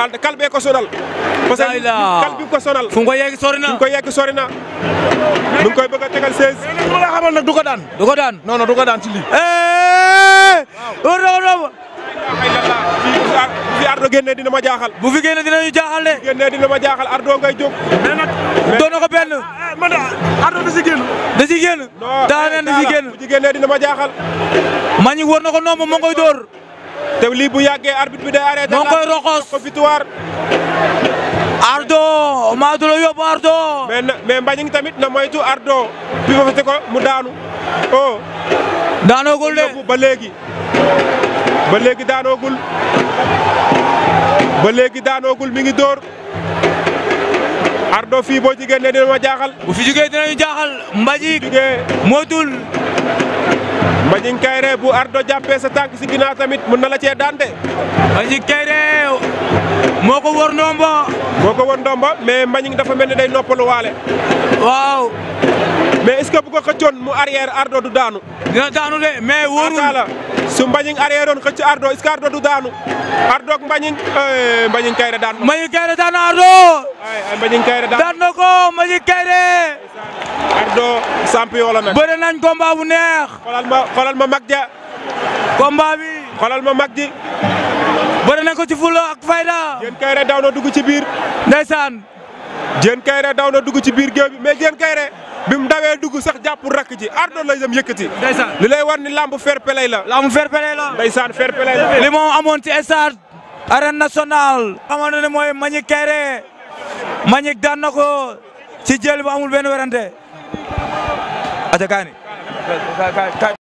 alde kal bee ko sonal parce que kal bi ko sonal fu mu ko yegg sori na fu mu ko yegg sori na mu ngi koy bëgg a tegal 16 mu la xamal nag du ko daan du ko daan non non du ko daan ci lii eh! war na ko doomu fi Ardo génnee dina ma jaaxal bu fi génnee dina ñu jaaxal de génnee dina ma jaaxal Ardo ngay jóg mais nag doon na ko benn ah, ah, man Ardo da si génn da si génn daa neen da si génn bu ci génnee dina ma jaaxal ma ñu war na ko noom moom moo koy dóor te lii bu yàggee arbitre bi day arrêté. moo koy ko victoire. Ardo Madou la Ardo. mais na tamit na moytu Ardo bi fa fete mu daanu oh. daanoogul de ba léegi ba léegi daanoogul ba léegi daanoogul mi ngi dóor. Ardo fii boo jigéen ne dina ma jaaxal. bu fi jugee dinañu jaaxal Mbañing. jugee moytul. Mbagnick Kaïré bu Ardo jàppee sa tànk si ginnaaw tamit mën na la cee daan de. Mbagnick Kaïré moo ko wër ndombo. moo ko wër ndombo mais Mbagnick dafa mel ni day noppalu waale. waaw. mais est-ce que bu ko mu arrière Ardo du daanu. dina daanu de mais wóorul la. su Mbañing arrière on xëcc Ardo est Ardo du daanu Ardo ak eh, Kayre daan na. Mbañing Kayre daan Ardo. ay Kayre daan na daan na ko Kayre. Ardo champion la nag. bëri bu neex. xoolal ma xoolal ma mag bi. xoolal ma mag ji. bëri ko ci fulla ak fayda. yéen Kayre daaw na dugg ci biir. Diène Kairé daw na dugg ci biir géew bi mais Diène Kairé bi mu dawee dugg sax jàppul rakk ji ardo la dem yëkkati. ndeysaan li lay war ni lamb fair-play la. lamb fair-play la. ndeysaan fair la. li moom amoon ci stade arène nationale. xamoon na ne mooy Manick Kairé Manick daan na ci jël bu amul benn werante. aja kaani